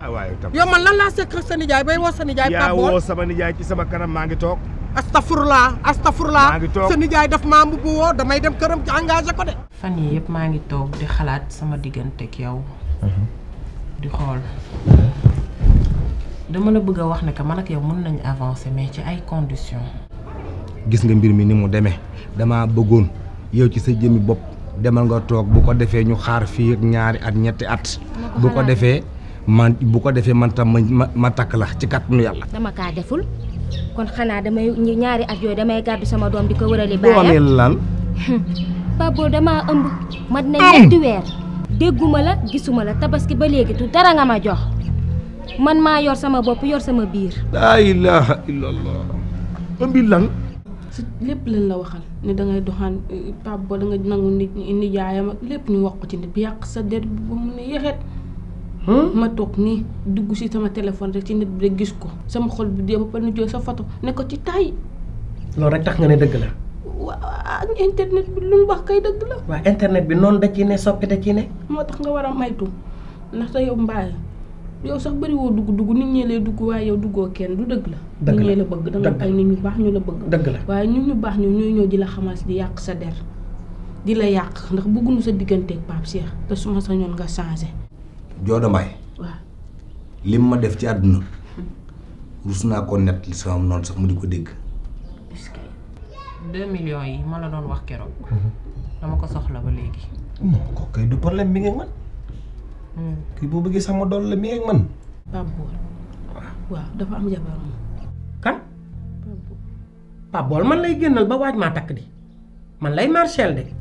Ah, yow man lan laa sekk sa nijaay bay woo sa nijaay yaa woo sama nijaay ci sama kanam maa ngi toog astafurlaa astafurlaa sa nijaay daf maa mbubb woo damay dem këram ci engagé ko de fan yii yëpp maa ngi toog di xalaat sama diggante ak yow mhm. di xool dama la bëgg a wax ne que man ak yow mën nañu avancer mais ci ay condition gis nga mbir mi ni mu demee damaa bëggoon yow ci sa jëmmi bopp demal nga toog bu ko defee ñu xaar fii ak ñaari at ñetti at bu ko defee man bu ko defee man tam ma ma takk la ci kàttanu yàlla. dama kaa deful kon xanaa damay ñaari at yooyu damay gàddu sama doom di ko wërali baayam. boo amee lan. Hmm. Pabbo damaa ëmb. mat na ñetti dégguma la gisuma la tabaski ba léegi tu dara nga ma jox man maa yor sama bopp yor sama biir. laa ilaaha illallah. ëmbi lan. si lépp lañ la waxal ne da doxaan Pabbo da nangu nit ak lépp ñu wax ci nit bi yàq sa der bu mu ne yéexet. Hmm? ma toog ni dugg si sama téléphone rek ci nit bi rek gis ko sama xol bi dee ba pare ñu jël sa photo ne ci taay. loolu tax nga ne dëgg la. waaw internet bi mu wax kay dëgg la. waaw bi noonu da ciy ne soppi da ciy ne. moo tax war a maytu ndax yow mbaay yow sax bëriwoo dugg dugg nit ñee lay dugg yow duggoo kenn du dëgg la. dëgg la nit ñee la bëgg danga ay ñu baax ñu la bëgg. dëgg la waaye ñu ñu baax ñu ñooy ñëw di la xamaas di yàq sa der di la yàq ndax bëgguñu sa digganteeg Pape Cheikh te suma sa sañoon nga changé. Jooda Mbaye. ma def ci àdduna. ruus naa ko net li sama noonu sax mu di ko dégg. est deux millions yi ma la doon wax keroog. Mhm. dama ko soxla ba léegi. non ko kay du problème mi ngi ak man. Hmm. kii boo bëggee sama dool la mi ngi man. Pape waaw dafa am jabaram. kan. Pape man lay génnal ba waaj maa takk di man lay marchel de.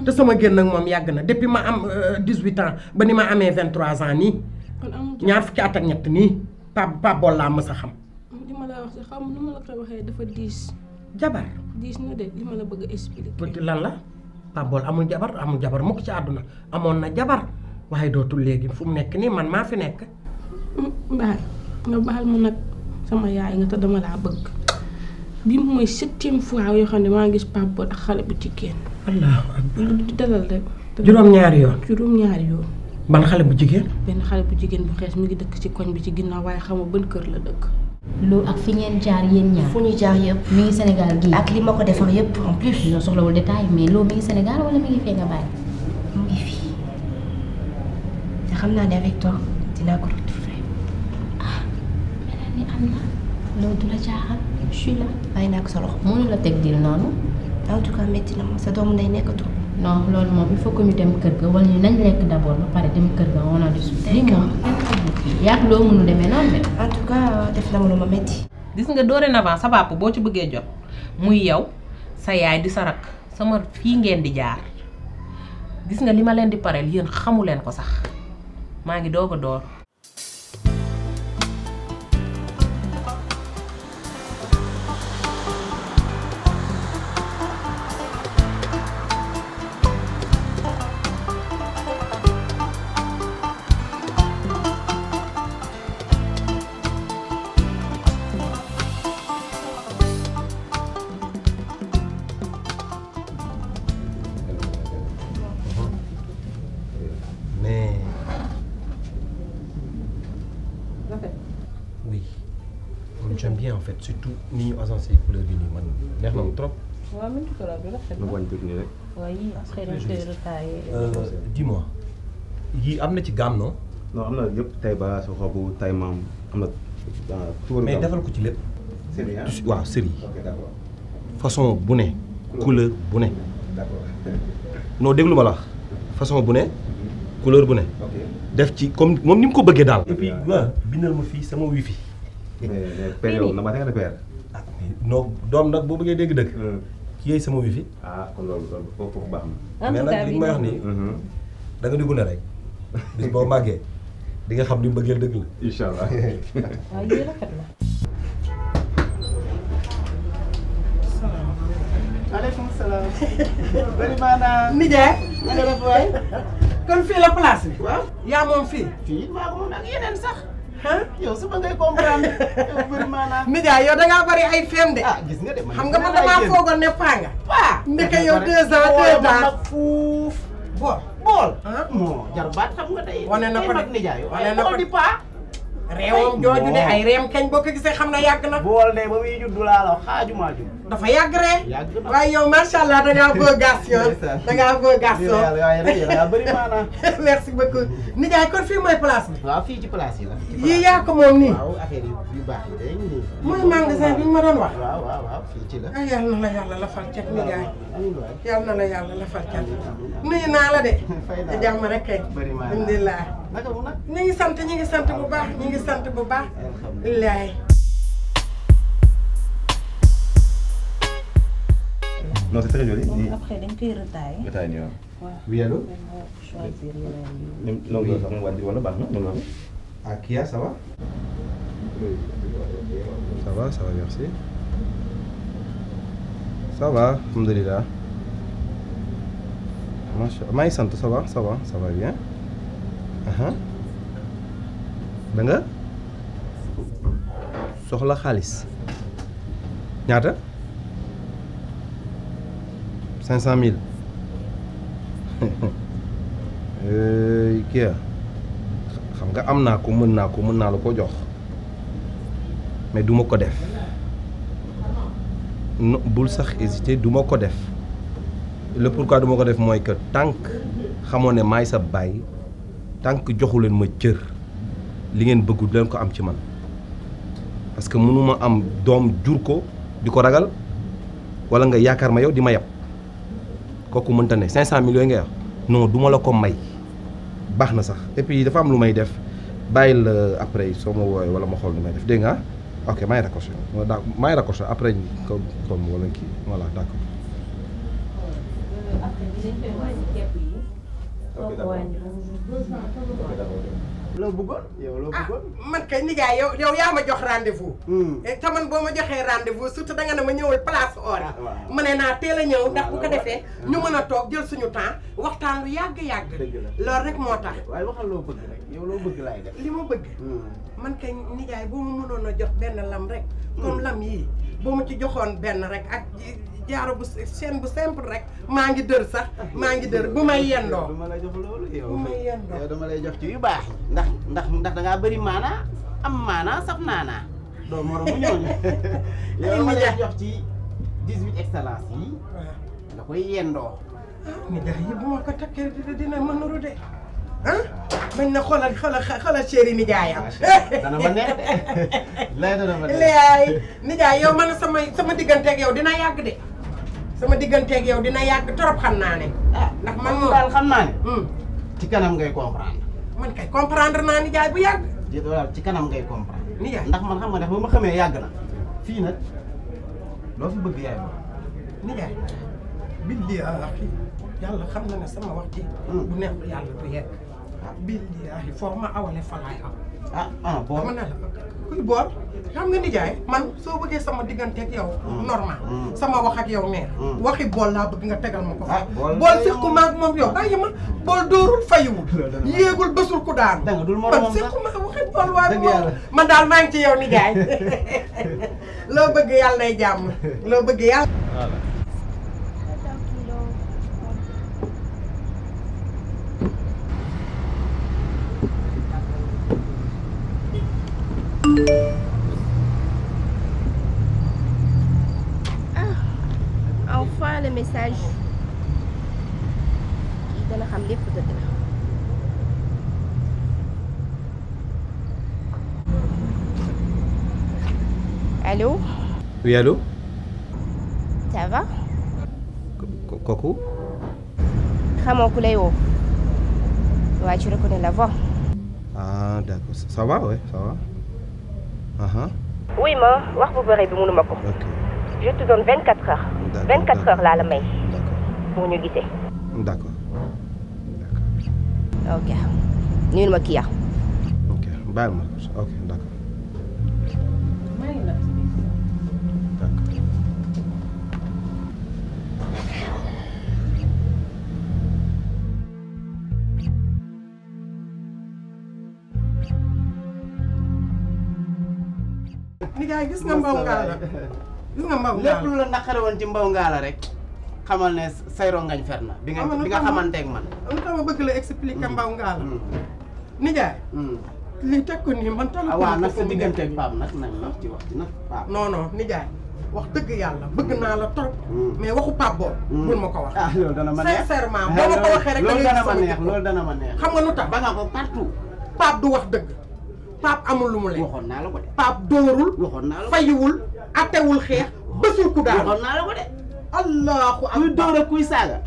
te sama génn ak moom yàgg na depuis ma am 18 euh, ans ba ni ma amee 23 ans nii. ñaar fukki at ñett nii Pape Pape Bol laa mës a xam. li ma la wax xaw ma nu ma la koy waxee dafa diis. jabar diis na de li ma la bëgg a expliquer. lan la Pape amul jabar amul jabar mukk ci àdduna amoon na jabar waaye dootul léegi fu mu nekk nii man maa fi nekk. Mbaye nga baal ma nag sama yaay nga te dama laa bëgg bi mooy septième fois yoo xam ne maa ngi gis Pape ak xale allahu akbar dalal rek. juróom-ñaari yoon juróom-ñaari yoon. ban xale bu jigéen. benn xale bu jigéen bu xees mi ngi dëkk ci koñ bi ci ginnaaw waaye xamoo ban kër la dëkk. loolu ak fi ngeen jaar yéen ñaar. fu ñu jaar yëpp. mi ngi Sénégal gii. ak li ma ko defar yëpp en plus. ñoo soxlawul détail mais loolu ngi fee nga bàyyi. mu ngi fii te xam naa ne avec toi dinaa ko retrouver. ah mel ni am na loolu du la jaaxal. bàyyi naa ko sa loxo. mënu la teg diir noonu. en tout metti na moom sa doomu nday nekkatu non loolu moom il faut que ñu dem kër ga wala ñu nañ lekk d' abord ba pare dem kër ga on a du suuf. lii moom yaa ngi loo mënu demee noonu def na ma lu ma metti gis nga doore dorénavant sa papa boo ci bëggee jot muy yow sa yaay di sa rak sama fii ngeen di jaar gis nga li ma leen di pareel yéen xamu leen ko sax maa ngi doog a door. surtout ni ñu agencé couleur yi nii man neex na mu trop. waaw mi ngi couleur bi rafet na. lu wàññi tuuti moi yii am na ci gamme non. non am na yëpp tay ba sa xobu tay defal ko ci lépp. série yi waaw série yi. ok d'accord façon bu ne. couleur bu ne. d'accord déglu ma la façon bu ne. Mhm. couleur bu ne. def ci comme moom ni mu ko bëggee daal. bindal ma fii sama wifi. mais na ma teel a ah non doom nag boo bëggee dégg dëgg. Hmm. kii yooyu sama wifi. ah ma wax nii. Mhm. da nga dugg a fekk na. salaamaaleykum. maaleykum salaam. bëri maanaam. nijaay. kon fii la place bi. waaw yaa moom fii. fii maa moom ak yeneen sax. yow su ma ngay comprendre yow bëri maanaam. nijaay yow ay fen de. ah gis nga de xam nga man damaa foogoon ne faa nga. waaw ndeke yow deux ans deux ans fuuf bool bool. ah non jarbaat xam wane na ko de tey mag nijaay wane na ko di réewam jooju de ay réem kañ boo ko gisee xam na yàgg na. bool de ba muy juddu laa la xaaju maa judd. dafa yàgg rek. yàgg na waaye yow macha allah da ngaa bëgg garçon. da ngaa bëgg garçon yàlla bëri maanaam. merci beaucoup. nijaay kon fii mooy place bi. waaw yi la. moom nii. waaw affaire yu baax yi day nii. mooy magasin bi ñu ma doon wax. waaw waaw waaw fii ci la. ah yal na la yàlla la far cat nijaay. yal na la yàlla a far cat. nuyu naa la de. fay naa la jàmm rek ñu ngi sant ñu ngi sant bu baax ñu ngi sant bu baax laay non c'est très joli. après dañ koy retailler. retailler waaw. waaw oui allo. donc sax mu wàññi wala baax na. ah Kia ça va. ça va ça va merci. ça va alhamdulilah. macha allah maa ngi sant ça va ça va da soxla xaalis ñaata cinq cent mille kii xam nga am naa ko mën naa ko mën naa la ko jox mais duma ko def bul sax hésité du ma ko def le pourquoi du ma ko def mooy que tànk xamoo ne maay sa baay tant que joxu leen ma cër li ngeen bëggu leen ko am ci man parce que mënuma am doom jur ko di ko ragal wala nga yaakaar ma yow di ma yab kooku mënta ne cinq millions nga wax non du ma la ko may baax na sax et puis dafa am lu may def bàyyil euh, après yi soo ma woowee wala ma xool lu may def dégg nga ah? ok may raccroché daa may raccroché après ko comme wala kii voilà d'accord. Euh, loo bëggoon yow loo ah, bëggoon man kay nijaay yow yow yaa ma jox rendez-vous hmm. eh, te boo ma joxee rendez-vous surtout da nga ne ma ñëwal place ori ah, ma ne naa teel a ñëw ndax bu ko defee ñu mën a toog jël suñu temps waxtaan lu yàgg-yàgg loolu rek moo tax waaye waxal loo bëgg rek yow loo bëgg laay def li ma bëgg hmm. man kay nijaay boo ma mënoon a jox benn lam rek comme hmm. lam yii boo mu ci joxoon benn rek ak jaaro bu chaîne bu simple rek maa ngi dër sax maa ngi dër bu may yendoo dama lay jox bu may yendoo yow dama lay jox ci baax ndax ndax ndax da ngaa bëri maanaa am maanaa sax naanaa doo moromu ñooñu yow dama lay jox ci yendoo ah, mi dax yi bu ma ko takkee dina dina mënuru de ah na xoolal xoolal xoolal chéri nijaay am. ma neex lay nijaay yow man sama sama digganteeg yow dina yàgg de. sama digganteeg yow dina yàgg trop xam naa ne. a ah, ndax man moom daal xam naa ne. Hmm. ci kanam ngay comprendre. man kay comprendre naa ni jaay bu yàgg. déedéet daal ci kanam ngay comprendre. ni jaay ndax man xam nga def ba ma xamee yàgg na fii na loo fi bëgg yaay moom. ni jaay billaahi yàlla xam na ne sama wax ji. Hmm. bu neex yàlla du yegg. ah billaahi foo ma awalee fa laay am. Ah, ah, kuy boot xam nga nijaay man soo bëggee sama diggante ak yow hmm. normal hmm. sama wax ak yow neex hmm. waxi bool laa bëgg nga tegal ma ko fa ah, bool séqu maag moom yow bàyyi ma bool dóorul fayiwul yéegul bésul ku daan man séqu maag waxi bool waaye moom man daal maa ngi ci yow nijaay loo bëgg yàlla lay jàmm loo bëgg yàlla le message kii dana xam lépp dëgg la allo. oui allo. ça va. kooku. xamoo ku lay woo. waaye tu reconnais la voix. ah d'accord ça va oui ça va. wuy uh-huh. ma wax bu bëri bi mënuma ko. je te donne vingt quatre heures. 24 heures laa la may. pour ñu gisee. d' accord d' accord. ok nuyu ma kii yaa. ok bàyyi ma ok d' accord. gis gis nga mbaw lépp lu la naqare woon ci mbaw ngaa la rek xamal ne say rongañ fer na bi nga bi nga xamanteeg man lu tax ma bëgg la expliquer mm. mbaw ngaa la mm. nijaay mm. li teg ko nii man tal waaw nag sa digganteeg Pape nag nag nag ci wax ci nag Pape non non wax dëgg yàlla bëgg naa la trop mais waxu Pape ma ko wax ah loolu ma neex sincèrement boo ma ko waxee rek loolu loolu dana ma neex xam nga lu tax ba nga man partout Pape du wax dëgg Pape amul lu mu leen waxoon naa la ko de Pape dóorul waxoon naa fayiwul attewul xeex bësul ku daal. waxoon naa la ko de. allahu akbar kuy dóor a kuy saaga.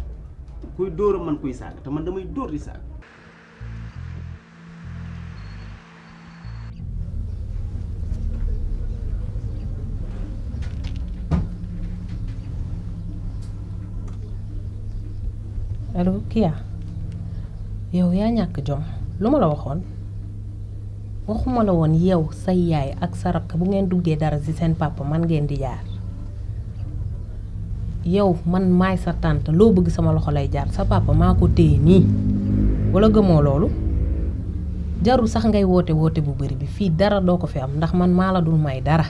kuy dóor man kuy saaga te man damay dóor di saaga. allo Kia yow yaa ñàkk jom lu ma la waxoon. waxuma la woon yow say yaay ak sa rakk bu ngeen duggee dara ci seen papa man ngeen di jaar yow man maay sa tànt loo bëgg sama loxo lay jaar sa papa maa ko téye nii walla gëmoo loolu jarul sax ngay woote woote bu bari bi fii dara doo ko fi am ndax man maa la dul may dara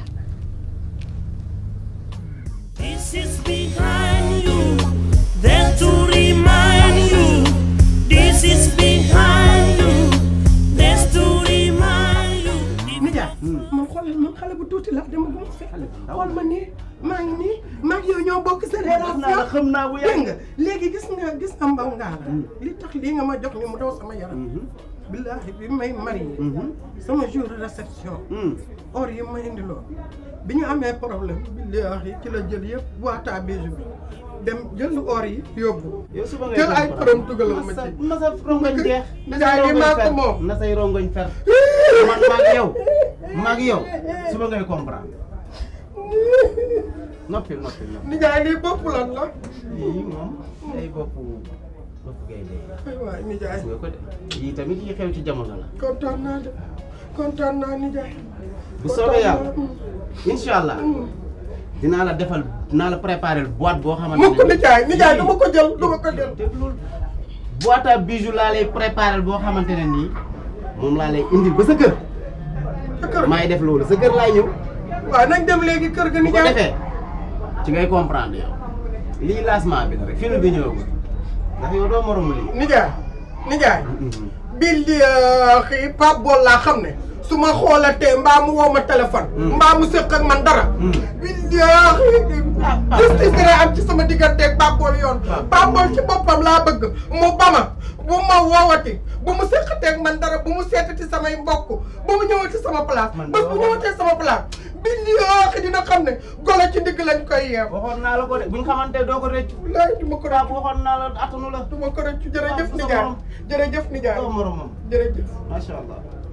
xale bu tuuti laa dama gum fekk xool ma nii maa ngi nii maa ngi yow ñoo bokk sa relation xam naa bu yàgg nga léegi gis nga gis nga mbaw ngaa la hmm. li tax lii nga ma jox ni mu daw sama yaram hmm. billaahi bi may marié hmm. sama jour de réception or yi ma indiloo bi ñu amee problème billaahi ci la jël yëpp boîte à bijoux bi dem jël or yi yóbbu jël ay parom dugalal ma ci na sa rongoñ jeex na rongoñ fer man maag yow maag yow suba ngay comprendre noppi noppi noppi. ni jaay lii bopp lan la. yii moom day bopp bopp gay dee. waaw ni jaay nga ko de yii tamit yi xew ci jamono la. kontaan naa de kontaan naa ni jaay. bu soobee yàlla mm. incha allah. Mm. dinaa la defal dinaa la préparer boîte boo xamante ne. mukk ni jaay ni jaay du ma ko jël du ma ko jël. boîte à bijoux laa lay préparer boo xamante ne nii. moom laa lay indil ba sa kër. sa kër def loolu sa kër laay ñëw. waaw nañ dem léegi kër ga ni bu ko defee ci ngay comprendre yow lii lancement bi la rek film bi ñëwagul ndax yow doo moromu lii. nijaay nijaay. bil di euh, xii Pape Bol laa xam ne. su ma xoolatee mbaa mu woo ma téléphone. Hmm. mbaa mu sëq ak man dara. Hmm. justice dina am ci sama digganteeg Bambool yoon. Bambool ci boppam laa bëgg mu bama bu ma woowati bu mu sëqateeg man dara bu mu seetati samay mbokk bu mu ñëwati sama place. bés bu ñëwatee sama place. billahi dina xam ne golo ci digg lañ koy yeew. naa la ko de bu ñu xamante doo ko rëccu. wallaahi du ma ko rëccu waxoon naa la attanu la. du ma ko rëccu jërëjëf Nijaay jërëjëf Nijaay. jërëjëf macha